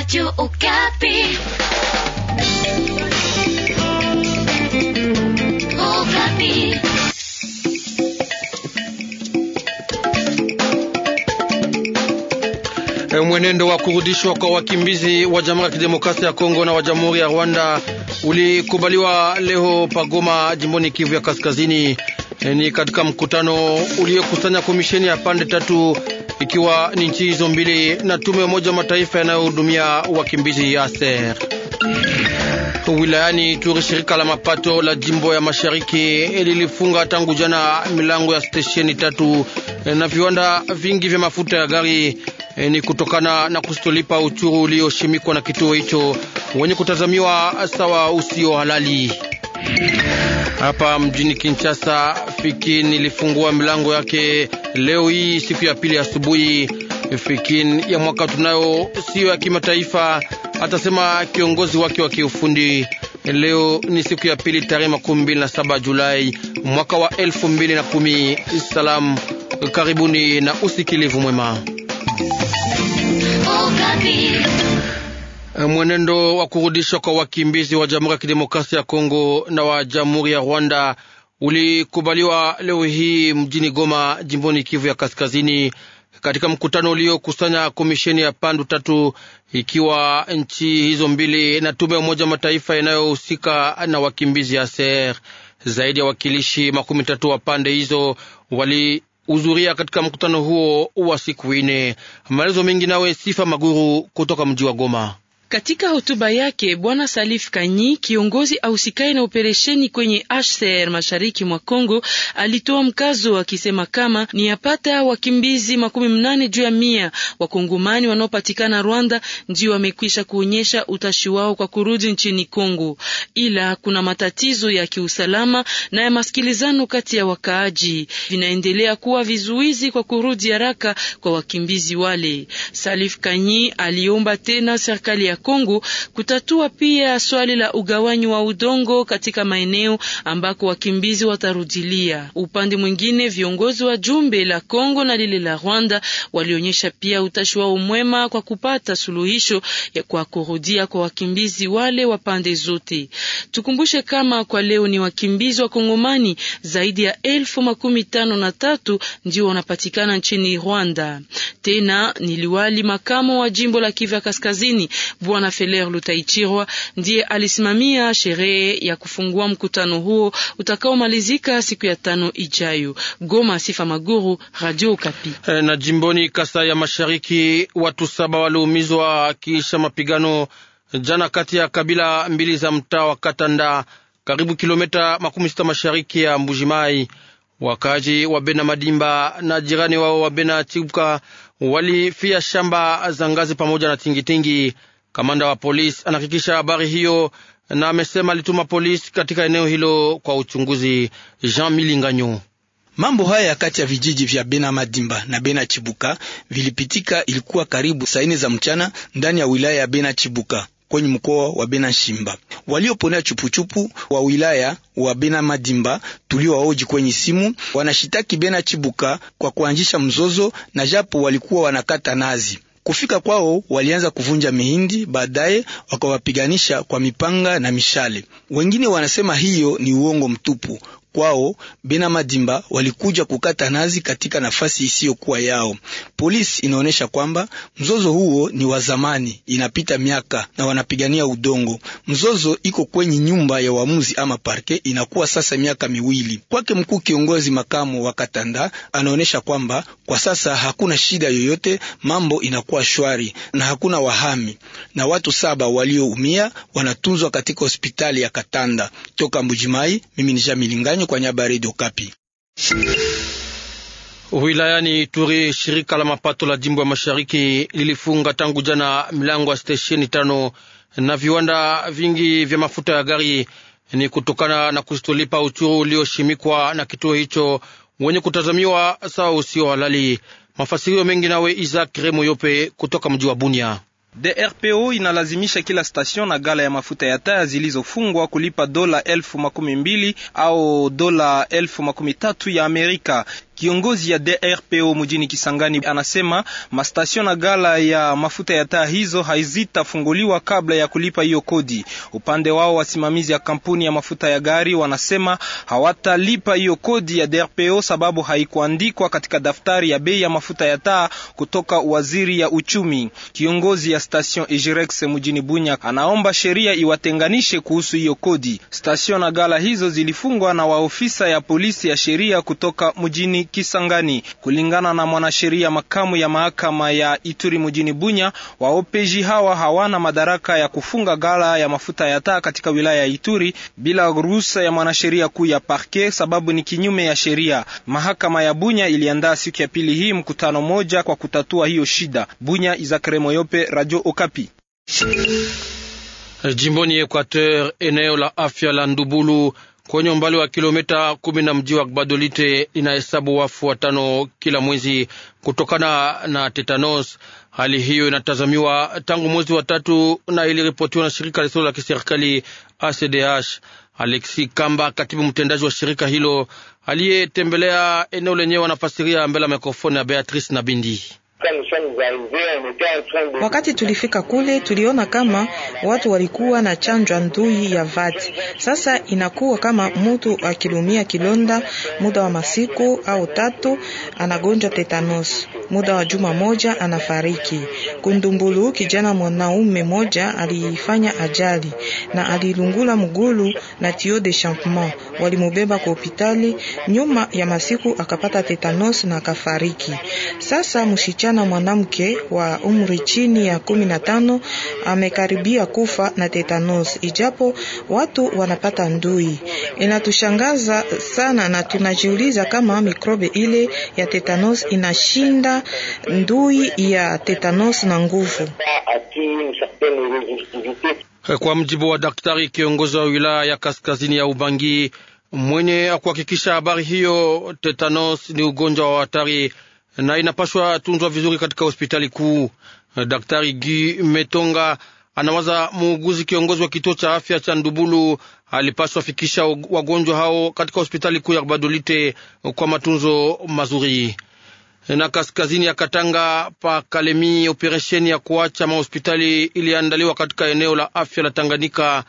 Radio Okapi. Okapi. E, mwenendo wa kurudishwa kwa wakimbizi wa Jamhuri ya Kidemokrasia ya Kongo na wa Jamhuri ya Rwanda ulikubaliwa leo Pagoma, jimboni Kivu ya Kaskazini. E, ni katika mkutano uliokusanya komisheni ya pande tatu ikiwa ni nchi hizo mbili na tume Umoja Mataifa yanayohudumia wakimbizi ASER. Wilayani Turi, shirika la mapato la jimbo ya mashariki lilifunga tangu jana milango ya stesheni tatu eh, na viwanda vingi vya mafuta ya gari eh, ni kutokana na kustolipa uchuru ulioshimikwa na kituo hicho wenye kutazamiwa sawa usio halali. Hapa mjini Kinshasa, Fikin ilifungua milango yake leo hii siku ya pili asubuhi. Fikin ya mwaka tunayo siyo ya kimataifa, atasema kiongozi wake wa kiufundi. Leo ni siku ya pili tarehe makumi mbili na saba Julai mwaka wa elfu mbili na kumi. Salamu, karibuni na usikilivu mwema. Oh, eh, mwenendo wa kurudishwa kwa wakimbizi wa Jamhuri ya Kidemokrasia ya Kongo na wa Jamhuri ya Rwanda ulikubaliwa leo hii mjini Goma, jimboni Kivu ya Kaskazini, katika mkutano uliokusanya komisheni ya pandu tatu ikiwa nchi hizo mbili na tume ya Umoja Mataifa inayohusika na wakimbizi ya ser. Zaidi ya wakilishi makumi tatu wa pande hizo walihudhuria katika mkutano huo wa siku ine. Maelezo mengi nawe Sifa Maguru kutoka mji wa Goma. Katika hotuba yake Bwana Salif Kanyi, kiongozi ausikae na operesheni kwenye HCR mashariki mwa congo alitoa mkazo akisema kama ni yapata wakimbizi makumi mnane juu ya mia wakongomani wanaopatikana Rwanda ndio wamekwisha kuonyesha utashi wao kwa kurudi nchini congo ila kuna matatizo ya kiusalama na ya masikilizano kati ya wakaaji, vinaendelea kuwa vizuizi kwa kurudi haraka kwa wakimbizi wale. Salif Kanyi aliomba tena serikali ya Kongo kutatua pia swali la ugawanyi wa udongo katika maeneo ambako wakimbizi watarudilia. Upande mwingine, viongozi wa jumbe la Kongo na lile la Rwanda walionyesha pia utashi wao mwema kwa kupata suluhisho ya kwa kurudia kwa wakimbizi wale wa pande zote. Tukumbushe kama kwa leo ni wakimbizi wa Kongomani zaidi ya elfu makumi tano na tatu ndio wanapatikana nchini Rwanda. Tena ni liwali makamo wa jimbo la Kivu Kaskazini, Bwana Feler Lutaichirwa ndiye alisimamia sherehe ya kufungua mkutano huo utakaomalizika siku ya tano ijayo. Goma, Sifa Maguru, Radio Kapi. Eh, na jimboni Kasai ya Mashariki, watu saba waliumizwa kisha mapigano jana kati ya kabila mbili za mtaa wa Katanda, karibu kilomita makumi sita mashariki ya Mbujimai. Wakaji wa Bena Madimba na jirani wao wa Bena Chibuka walifia shamba za ngazi pamoja na tingitingi. Kamanda wa polisi anahakikisha habari hiyo na amesema alituma polisi katika eneo hilo kwa uchunguzi. Jean Milinganyo Mambo haya kati ya vijiji vya Bena Madimba na Bena Chibuka vilipitika, ilikuwa karibu saa nne za mchana ndani ya wilaya ya Bena Chibuka kwenye mkoa wa Bena Shimba. Walioponea chupuchupu wa wilaya wa Bena Madimba tuliowaoji kwenye simu wanashitaki Bena Chibuka kwa kuanzisha mzozo, na japo walikuwa wanakata nazi kufika kwao walianza kuvunja mihindi, baadaye wakawapiganisha kwa mipanga na mishale. Wengine wanasema hiyo ni uongo mtupu, kwao Bena Madimba walikuja kukata nazi katika nafasi isiyokuwa yao. Polisi inaonyesha kwamba mzozo huo ni wa zamani, inapita miaka na wanapigania udongo. Mzozo iko kwenye nyumba ya uamuzi ama parke, inakuwa sasa miaka miwili. Kwake mkuu kiongozi makamu wa Katanda anaonyesha kwamba kwa sasa hakuna shida yoyote, mambo inakuwa shwari na hakuna wahami, na watu saba walioumia wanatunzwa katika hospitali ya Katanda. Toka Mbujimai, mimi ni Jamilingani. Mukutano kwenye habari Radio Okapi. Wilayani Ituri, shirika la mapato la jimbo ya mashariki lilifunga tangu jana milango ya stesheni tano na viwanda vingi vya mafuta ya gari. Ni kutokana na kutolipa uchuru ulioshimikwa na kituo hicho wenye kutazamiwa sawa usio halali. Mafasirio mengi nawe Isaac Remo Yope kutoka mji wa Bunia. DRPO inalazimisha kila station na gala ya mafuta ya taa zilizofungwa kulipa dola elfu makumi mbili au dola elfu makumi tatu ya Amerika. Kiongozi ya DRPO mjini Kisangani anasema mastasio na gala ya mafuta ya taa hizo hazitafunguliwa kabla ya kulipa hiyo kodi. Upande wao wasimamizi ya kampuni ya mafuta ya gari wanasema hawatalipa hiyo kodi ya DRPO sababu haikuandikwa katika daftari ya bei ya mafuta ya taa kutoka waziri ya uchumi. Kiongozi ya station Ejirex mjini Bunya anaomba sheria iwatenganishe kuhusu hiyo kodi. Station na gala hizo zilifungwa na waofisa ya polisi ya sheria kutoka mjini Kisangani. Kulingana na mwanasheria makamu ya mahakama ya Ituri mjini Bunya, waopeji hawa hawana madaraka ya kufunga gala ya mafuta ya taa katika wilaya ya Ituri bila ruhusa ya mwanasheria kuu ya parke sababu ni kinyume ya sheria. Mahakama ya Bunya iliandaa siku ya pili hii mkutano moja kwa kutatua hiyo shida. Bunya, izakre Moyope, Radio Okapi. Jimboni Equateur, eneo la afya la Ndubulu kwenye umbali wa kilomita kumi na mji wa Gbadolite inahesabu wafu watano kila mwezi kutokana na tetanos. Hali hiyo inatazamiwa tangu mwezi wa tatu na iliripotiwa na shirika lisilo la kiserikali ACDH. Alexi Kamba, katibu mtendaji wa shirika hilo aliyetembelea eneo lenyewe, anafasiria mbele ya mikrofoni ya Beatrice na Bindi. Wakati tulifika kule tuliona kama watu walikuwa na chanjwa ndui ya vati. Sasa inakuwa kama mutu akilumia kilonda muda wa masiku au tatu, anagonjwa tetanos, muda wa juma moja anafariki. Kundumbulu, kijana mwanaume moja alifanya ajali na alilungula mgulu na tio de champement, walimubeba kwa hospitali, nyuma ya masiku akapata tetanos na akafariki. Sasa msichana msichana mwanamke wa umri chini ya kumi na tano amekaribia kufa na tetanos, ijapo watu wanapata ndui. Inatushangaza sana na tunajiuliza kama mikrobe ile ya tetanos inashinda ndui ya tetanos na nguvu. Kwa mjibu wa daktari kiongozi wa wilaya ya kaskazini ya Ubangi mwenye kuhakikisha habari hiyo, tetanos ni ugonjwa wa hatari na inapashwa tunzwa vizuri katika hospitali kuu. Daktari Gi Metonga anawaza muuguzi kiongozi wa kituo cha afya cha Ndubulu alipaswa fikisha wagonjwa hao katika hospitali kuu ya Badolite kwa matunzo mazuri. Na kaskazini ya Katanga pa Kalemi, operesheni ya kuacha mahospitali iliandaliwa katika eneo la afya la Tanganyika.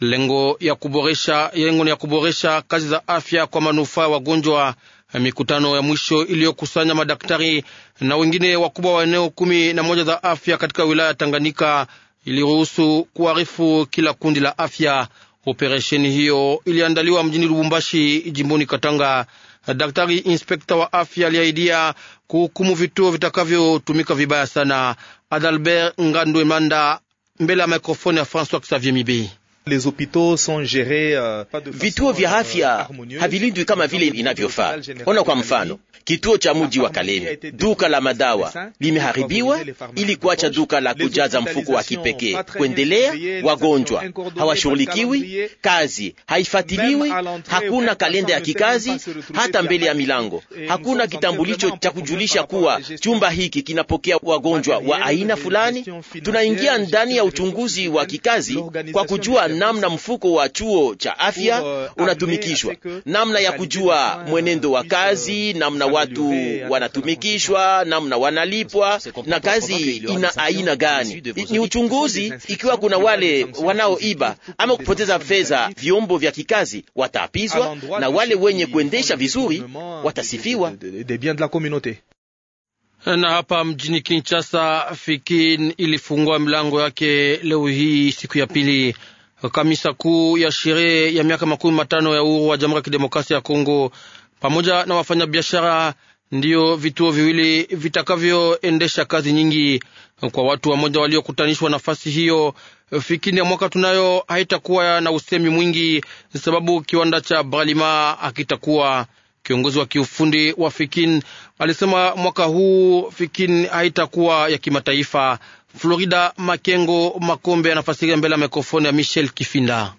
Lengo ya kuboresha lengo ni ya kuboresha kazi za afya kwa manufaa wagonjwa Eh, mikutano ya mwisho iliyokusanya madaktari na wengine wakubwa wa eneo kumi na moja za afya katika wilaya ya Tanganyika iliruhusu kuarifu kila kundi la afya. Operesheni hiyo iliandaliwa mjini Lubumbashi, jimboni Katanga. Daktari inspekta wa afya aliahidia kuhukumu vituo vitakavyotumika vibaya sana. Adalbert Ngandwe Manda mbele ya mikrofoni ya François Xavier Mibi. Euh, Vituo vya afya euh, havilindwi kama vile inavyofaa. Ona kwa mfano kituo cha mji wa Kalemi. Duka la madawa limeharibiwa ili kuacha duka la kujaza mfuko wa kipekee kuendelea. Wagonjwa hawashughulikiwi, kazi haifatiliwi, hakuna kalenda ya kikazi hata mbele ya milango, hakuna kitambulisho cha kujulisha kuwa chumba hiki kinapokea wagonjwa wa aina fulani. Tunaingia ndani ya uchunguzi wa kikazi kwa kujua namna mfuko wa chuo cha afya euh, unatumikishwa, namna ya kujua mwenendo wa euh, kazi, namna watu wanatumikishwa, namna wanalipwa na kazi ina aina gani. Ni uchunguzi ikiwa kuna wale wanaoiba ama kupoteza fedha vyombo vya kikazi wataapizwa, na wale wenye kuendesha vizuri watasifiwa. Na hapa mjini Kinshasa, Fikin ilifungua milango yake leo hii siku ya pili. Kamisa kuu ya sherehe ya miaka makumi matano ya uhuru wa Jamhuri ya Kidemokrasia ya Kongo pamoja na wafanyabiashara ndiyo vituo viwili vitakavyoendesha kazi nyingi kwa watu wamoja waliokutanishwa nafasi hiyo. Fikini ya mwaka tunayo haitakuwa na usemi mwingi, sababu kiwanda cha Bralima hakitakuwa. Kiongozi wa kiufundi wa Fikin alisema mwaka huu Fikin haitakuwa ya kimataifa. Florida Makengo Makombe anafasiria mbele ya mikrofoni ya Michel Kifinda.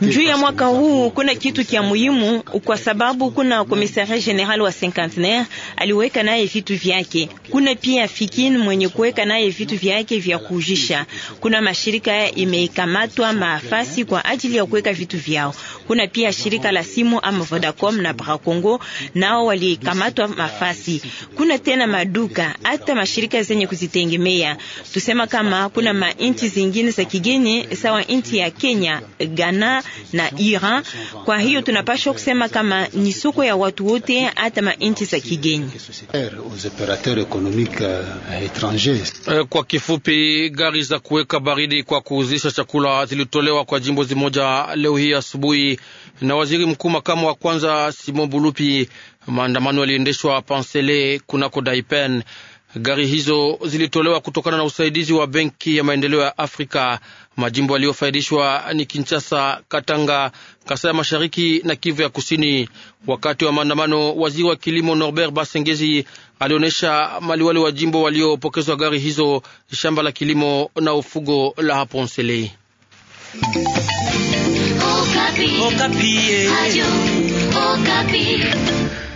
Juu ya mwaka huu kuna kitu kya muhimu kwa sababu kuna komisaria general wa cinquantenaire aliweka naye vitu vyake. Kuna pia fikin mwenye kuweka naye vitu vyake vya kujisha. Kuna mashirika imeikamatwa mafasi kwa ajili ya kuweka vitu vyao. Kuna pia shirika la simu ama Vodacom na Bracongo nao walikamatwa mafasi. Kuna tena maduka hata mashirika zenye kuzitengemea, Tusema kama kuna mainchi zingine za kigeni sawa inchi kati ya Kenya, Ghana na Iran. Kwa hiyo tunapaswa kusema kama ni soko ya watu wote, hata manchi za kigeni. Euh, eh, kwa kifupi, gari za kuweka baridi kwa kuuzisha chakula zilitolewa kwa jimbo zimoja leo hii asubuhi na waziri mkuu makamu wa kwanza Simon Bulupi. Maandamano yaliendeshwa Pansele kunako Daipen. Gari hizo zilitolewa kutokana na usaidizi wa benki ya maendeleo ya Afrika Majimbo yaliyofaidishwa ni Kinshasa, Katanga, Kasai Mashariki na Kivu ya Kusini. Wakati wa maandamano, waziri wa kilimo Norbert Basengezi alionyesha maliwali wa jimbo waliopokezwa gari hizo, shamba la kilimo na ufugo la hapo Nsele. Okapi. Okapi. Eh.